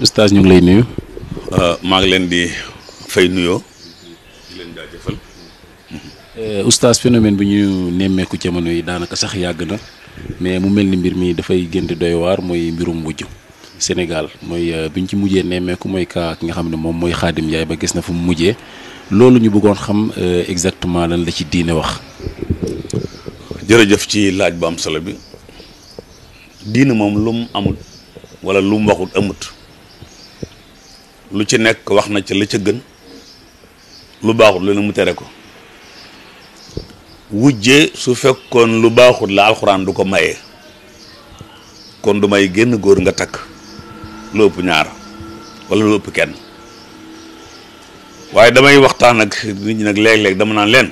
oustaz ñu ngi lay nuyu. Euh, maa ngi leen di fay nuyoo. di leen jaajëfal. Euh, bi ñu nemmeeku jamono yi daanaka sax yàgg na mais mu mel ni mbir mi dafay gën di doy waar mooy mbirum wujj Sénégal mooy euh, bi ñu ci mujjee nemmeeku mooy kaa ki nga xam ne moom mooy Xaadim Njaay ba gis na fu mu mujjee loolu ñu bëggoon xam exactement lan la ci diine wax. jërëjëf ci laaj bu am solo bi diine moom lu mu amut wala lu mu waxut amut. lu ci nekk wax na ci la ca gën lu baaxut la ne mu tere ko wujje su fekkoon lu baaxut la alxuraan du ko maye kon du may génn góor nga takk lu ëpp ñaar walla lu ëpp kenn waaye damay waxtaan ak nit ñi nag léeg dama naan leen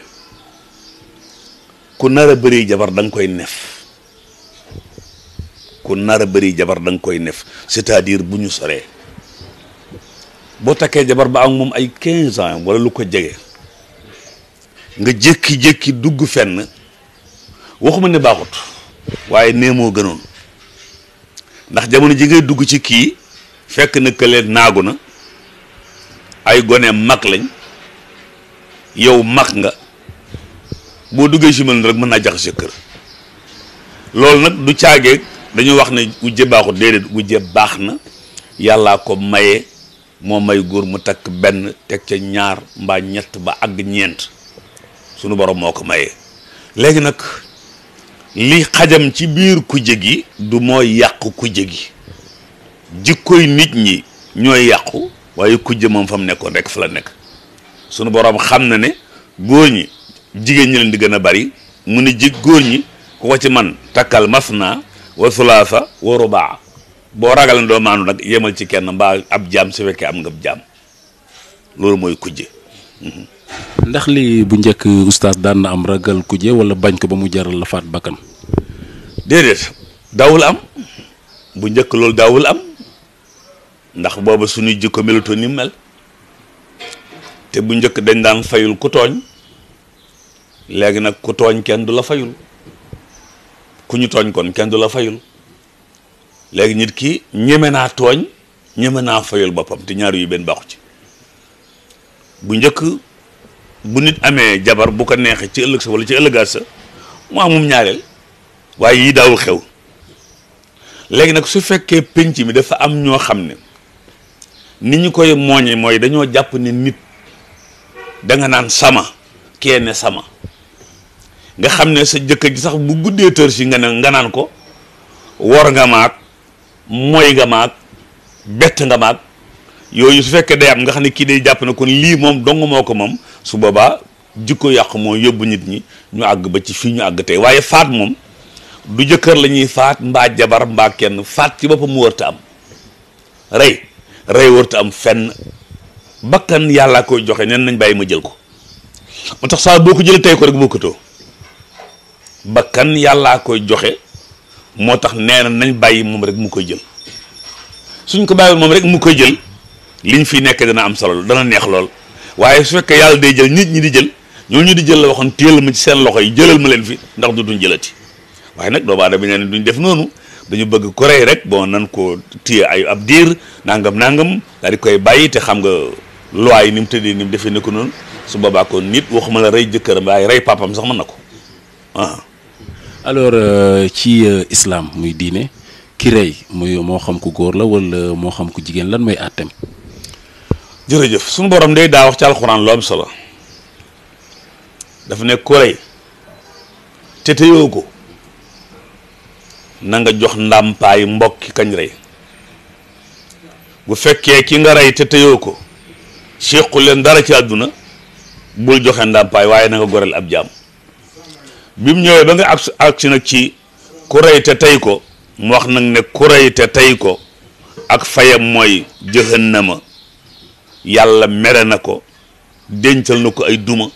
ku nar a jabar danga koy nef ku nar a jabar danga koy nef c'est-à-dire bu ñu soree boo takkee jabar ba am moom ay 15 ans wala lu ko jege nga jékki-jékki dugg fenn waxuma ne baaxut waaye nee moo gënoon ndax jamono ji ngay dugg ci kii fekk na kële naagu na ay gone mag lañ yow mag nga boo duggee ci mel rek mën naa jaxase kër loolu nag du caagee dañu wax ne wujje baaxut déedéet wujje baax na yàllaa ko maye moo may góor mu takk benn teg ca ñaar mbaa ñett ba àgg ñeent sunu borom moo ko mayee léegi nag li xajam ci biir kuje gi du mooy yàqu kuje gi jikkoy nit ñi ñooy yàqu waaye kuje moom fa mu nekkoon rekk fa la nekk sunu borom xam na ne góor ñi jigéen ñi leen di gën a bari mu ne ji góor ñi ku ko ci man takkal masna wa sulaasa wa rubaa boo ragal ne doo maanu nag yemal ci kenn mbaa ab jaam su fekkee am nga jaam loolu mooy kujje ndax lii bu njëkk oustaz daan na am ragal kujje wala bañ ko ba mu jaral la faat bakkan déedéet daawul am bu njëkk loolu daawul am ndax booba suñuy jikko melutoon ni mel te bu njëkk dañ daan fayul ku tooñ léegi nag ku tooñ kenn du la fayul ku ñu kon kenn du la fayul léegi nit ki ñeme naa tooñ ñeme naa fayal boppam te ñaar yu benn baaxu ci bu njëkk bu nit amee jabar bu ko neexee ci ëllëg sa wala ci ëllëgaat sa mu amum ñaareel waaye yi daawul xew léegi nag su fekkee penc mi dafa am ñoo xam ne ni ñu koy mooñe mooy dañoo jàpp ne nit danga naan sama kenn sama nga xam ne sa jëkkër ji sax bu guddee tër si nga naan ko wor nga maak mooy nga maag bett nga maag yooyu su fekkee day am nga xam ne kii day jàpp na kon lii moom dong moo ko moom su boobaa jikko yàqu moo yóbbu nit ñi ñu àgg ba ci fii ñu àgg tey waaye faat moom du jëkkër lañuy faat mbaa jabar mbaa kenn faat ci boppam mu wërta am rey rey wërta am fenn bakkan yàllaa koy joxe neen nañ bàyyi ma jël ko moo tax saa boo ko jëlee tey ko rek bokkatoo bakkan yàllaa koy joxe moo tax nee na nañ bàyyi moom rek mu ko jël suñ ko bàyyiwoon moom rek mu koy jël liñ fi nekk dana am solo dana neex lool waaye su fekkee yàlla day jël nit ñi di jël ñoo ñu di jël la waxoon téel ma ci seen loxo yi jëlal ma leen fi ndax du duñ jëlati waaye nag doomu aadama nee ne duñ def noonu dañu bëgg ko rey rek bon nan koo téye ay ab diir nangam nangam daal di koy bàyyi te xam nga loi yi ni mu tëddee ni mu defee ne ko noonu su boobaakoon nit waxuma la rey jëkkëram waaye rey papam sax mën na ko ah alors euh, ci euh, islaam muy diine ki rey muy moo xam ku góor la wala moo xam ku jigéen lan mooy àtteem. jërëjëf suñu borom day daa wax ci alxuraan lu am solo dafa nekk ku rey te teyoo ko na nga jox ndàmpaay mbokki kañ rey bu fekkee ki nga rey te teyoo ko séqu leen dara ci àdduna bul joxe ndàmpaay waaye na nga goreel ab jaam bi mu ñëwee ba nga agsi agsi nag ci ku rey te tey ko mu wax nag ne ku rey te tey ko ak fayam mooy jëhannama yàlla mere na ko dencal na ko ay duma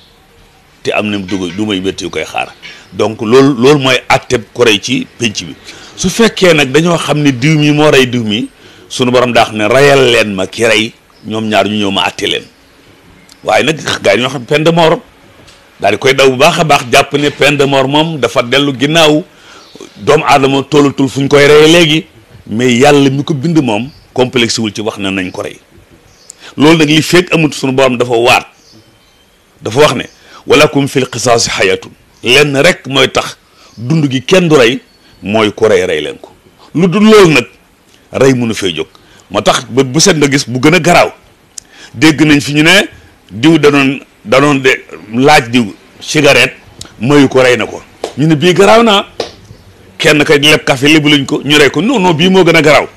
te am na dugg duma yu métti yu koy xaar donc loolu loolu mooy àtteb ku rey ci pénc bi su fekkee nag dañoo xam ne diw mi moo rey diw mi sunu borom daax ne reyal leen ma ki rey ñoom ñaar ñu ñëw ma àtte leen waaye nag gaa yi ñoo xam peine daal koy daw bu baax a baax jàpp ne peine de mort moom dafa dellu ginnaaw doomu aadama toolatul fu ñu koy reye léegi mais yàlla mi ko bind moom complexe wul ci wax na nañ ko rey loolu nag li fekk amut suñu borom dafa waat dafa wax ne comme walakum fil si xayatun lenn rek mooy tax dund gi kenn du rey mooy ko rey rey leen ko lu dul loolu nag rey mënu fee jóg moo tax ba bu set nga gis bu gën a garaaw dégg nañ fi ñu ne diw danoon danoon de laaj diw cigarette mayu ko rey na ko ñu ne bii garaaw naa kenn kay leb café lebu lañ ko ñu rey ko non bii moo gën a garaaw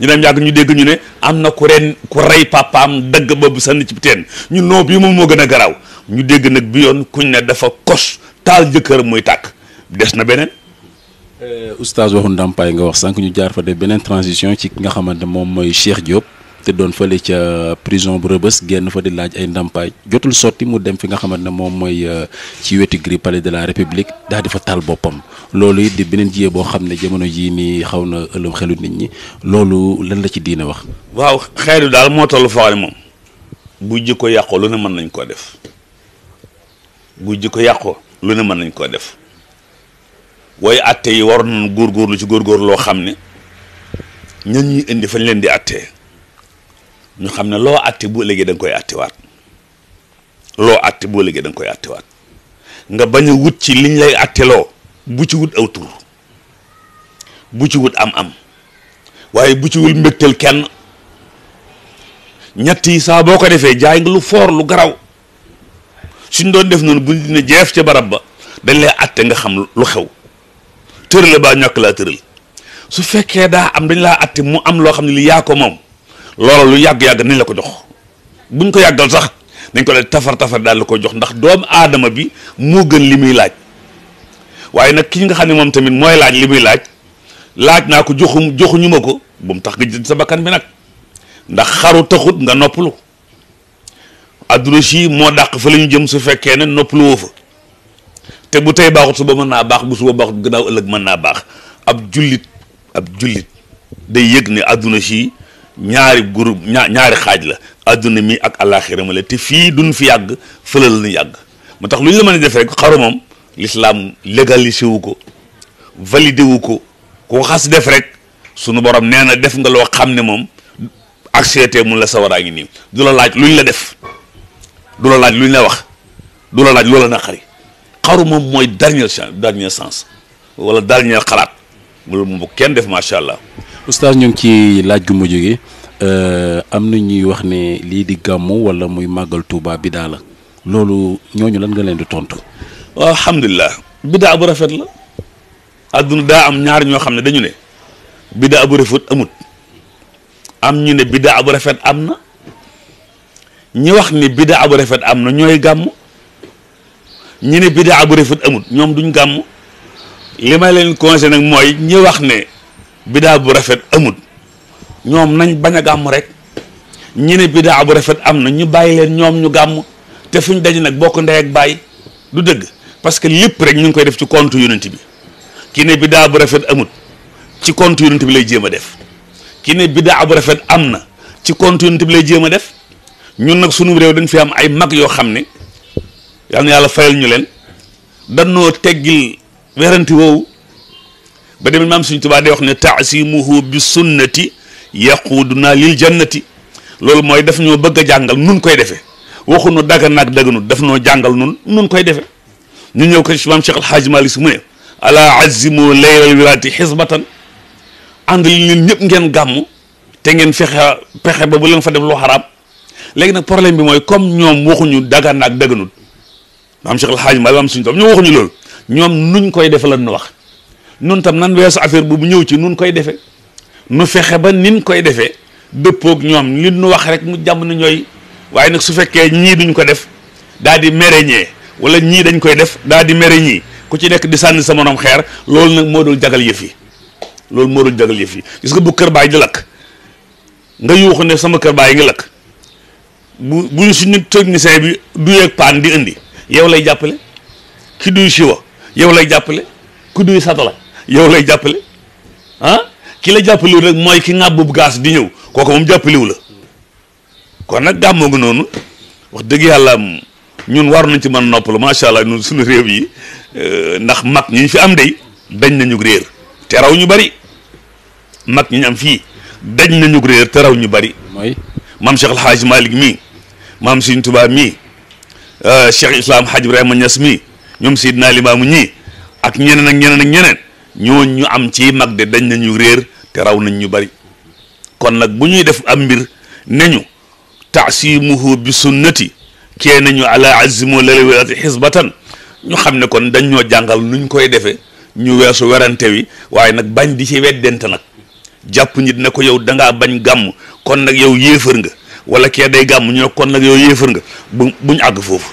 ñu dem ñu dégg ñu ne am na ku ren ku rey papaam dëgg boobu sànni ci teen ñu non bii moom moo gën a garaaw ñu dégg nag bi yoon kuñ ne dafa kos taal jëkkër muy tàkk des na beneen. Euh, oustaz waxu ndàmpaay nga wax sànq ñu jaar fa de beneen transition ci ki nga xamante moom mooy Cheikh Diop. te doon fële ca prison bu rëbës génn fa di laaj ay ndàmpaay jotul sotti mu dem fi nga xamante ne moom mooy euh, ci wetu gri palais de la république daal di fa taal boppam loolu it di beneen jiyee boo xam ne jamono jii nii xaw na ëllëm xelu nit ñi loolu lan la ci diine wax. waaw xeetu daal moo toll foo xam ne moom bu jikko yàqoo lu ne mën nañ koo def bu jikko yàqoo lu ne mën nañ koo def waaye atte yi war nañ lu ci góorgóor loo xam ne ñan ñuy indi fañ leen di attee ñu xam ne loo àtte boo ëllëgee da koy àttewaat loo àtte bu ëllëgee da koy àttewaat nga bañ a wut ci liñ lay àtteloo bu ci wut aw tur bu ci wut am-am waaye bu ci wut mbégteel kenn ñett yi saa boo ko defee jaay nga lu foor lu garaw suñ doon def noonu bu dina jeef ca barab ba dañ lay àtte nga xam lu xew tërale baa ñàkk laa tëral su fekkee daa am dañ laa àtte mu am loo xam ne li yaa ko moom loola lu yàgg-yàgg nañ la ko jox buñ ko yàggal sax dañ ko leen tafar-tafar daal la ko jox ndax doomu aadama bi moo gën li muy laaj waaye nag ki nga xam ne moom tamit mooy laaj li muy laaj laaj naa ko joxum joxuñuma ko bu mu tax nga jënd sa bakkan bi nag ndax xaru taxut nga noppalu adduna si moo dàq fa la ñu jëm su fekkee ne noppalu woo fa te bu tey baaxut suba mën naa baax bu suba baaxut gannaaw ëllëg mën naa baax ab jullit ab jullit day yëg ni adduna si ñaari groupe ñaari xaaj la adduna mii ak àllaaxira ma la te fii duñ fi yàgg fële la ñu yàgg moo tax lu ñu la mën a def rek xaru moom lislaam légalisé wu ko validé wu ko ku xas def rek sunu borom nee na def nga loo xam ne moom accepté mu la sawaraa ngi nii du la laaj luñ la def du la laaj luñ la wax du la laaj loola naqari xaru moom mooy dernier chance dernier sens wala dernier xalaat moom bu kenn def macha allah. oustaz ñu ngi ci laaj gu mujj gi euh, am na ñuy wax ne lii di gàmmu walla muy màggal Touba bidaa la loolu ñooñu lan nga leen di tontu. waaw alhamdulilah bidaa bu rafet la. adduna daa am ñaar ñoo xam ne dañu ne bidaa abu rafet amut am ñu ne bidaa rafet am na ñi wax ne bidaa abu rafet am na ñooy gàmm ñi ne bidaa bu rafet amut ñoom duñ gàmm li may leen conseillé nag mooy ñi wax ne bidaa bu rafet amut ñoom nañ bañ a gàmm rek ñi ne bidaa bu rafet am na ñu bàyyi leen ñoom ñu gàmm te fuñ daje nag bokk ndey ak bàyyi du dëgg parce que lépp rek ñu ngi koy def ci compte yonent bi ki ne bidaa bu rafet amut ci compte yonent bi lay jéem a def ki ne bidaa bu rafet am na ci compte yonent bi lay jéem a def ñun nag sunu réew dañ fi am ay mag yoo xam ne yal yàlla fayal ñu leen danoo teggil werante woowu ba demee maam suñ tubaa day wax ne taasimuhu bi sunnati yaquduna lil jannati loolu mooy daf ñoo bëgg a jàngal nun koy defee waxunu daga naag daganut daf noo jàngal nun nun koy defee ñu ñëw ko ci maam Cheikh Alhaaj Malik Si mu ne ala azimu leylal wiraati xisbatan ànd ñëpp ngeen gàmm te ngeen fexe pexe ba bu leen fa def lu xaraam léegi nag problème bi mooy comme ñoom waxuñu daga naag daganut maam Cheikh Alhaaj Malik maam suñ tubaa ñoom waxuñu loolu ñoom nuñ koy defe lan nu wax nun tam nan weesu affaire bu ñëw ci nun koy defe nu fexe ba nin koy defee dëppoog ñoom li nu wax rek mu jàmm na ñooy waaye nag su fekkee ñii duñ ko def daal di mere ñee wala ñii dañ koy def daal di mere ñii ku ci nekk di sànni sa morom xeer loolu nag moo dul jagal yëf yi loolu moo dul jagal yëf yi gis nga bu kër baay di lakk nga yuuxu ne sama kër baay ngi lakk bu buñ suñu technicien bi duyeeg paan di indi yow lay jàppale ki duy siwa yow lay jàppale ku duy satala yow lay jàppale ah ki la jàppaliwul nag mooy ki ŋàbbub gaas di ñëw kooku moom jàppaliwu la kon nag gàmmoo ngi noonu wax dëgg yàlla ñun war nañ ci mën noppalu macha allah ñun suñu réew yi euh, ndax mag ñi fi am dey dañ nañu réer te raw ñu bari mag ñi ñu am fii dañ nañu réer te raw ñu bari mooy maam Cheikh El Hadj Malick mii maam Sëriñ Tuubaa mii euh, Cheikh Islam Hadj Ibrahima Niass mii ñoom Seydina Limaamu ñii ak ñeneen ak ñeneen ak ñeneen. ñoo ñu am ci mag de dañ nañu réer te raw nañ ñu bari kon nag bu ñuy def am mbir ne ñu taasimuhu bi sunnati kee nañu ala azimu lalawiati xisbatan ñu xam ne kon dañ ñoo jàngal nuñ koy defee ñu weesu werante wi waaye nag bañ di ci weddente nag jàpp nit dina ko yow da bañ gàmm kon nag yow yéefar nga wala kee day gàmm ñoo kon nag yow yéefar nga bu buñ àgg foofu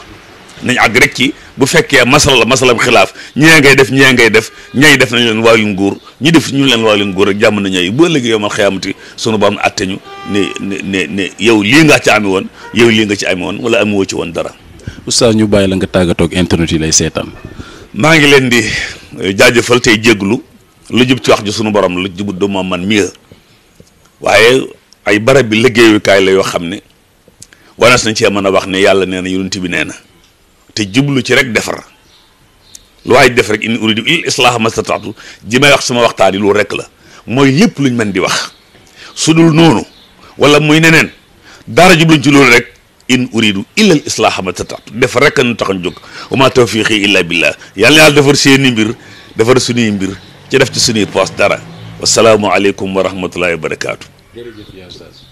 nañ àgg rek ci bu fekkee masala la masala bu xilaaf ñee ngay def ñee ngay def ñay def nañ leen waayu nguur ñi def ñu leen waayu nguur ak jàmm na ñooy bu ëllëgee yow man xëyaamati sunu borom atte ñu ne ne yow lii nga ci ame woon yow lii nga ci ame woon wala amoo ci woon dara. oustaz ñu bàyyi la nga tàggatoo internet yi lay seetaan. maa ngi leen di eh, jaajëfal tey jéglu lu jub ci wax ji sunu borom lu jubut du moom man mieux waaye ay barab bi liggéeyukaay la yoo xam ne wanas nañ cee mën a wax ne yàlla nee na yonent bi nee na te jublu ci rek defar lu waay def rek in uridu il islaaha mastataatu ji may wax sama waxtaan yi loolu rek la mooy lépp luñ mën di wax su dul noonu wala muy neneen dara jubluñ ci loolu rek in uridu illa al islaaha mastataatu defar rek nu taxañ jóg wa ma tawfiqi illa billah yàlla yàlla defar seeni mbir defar suñuy mbir ci def ci suñuy poos dara wasalaamu aleykum wa rahmatullahi wa barakaatu jërëjëf yaa ustaas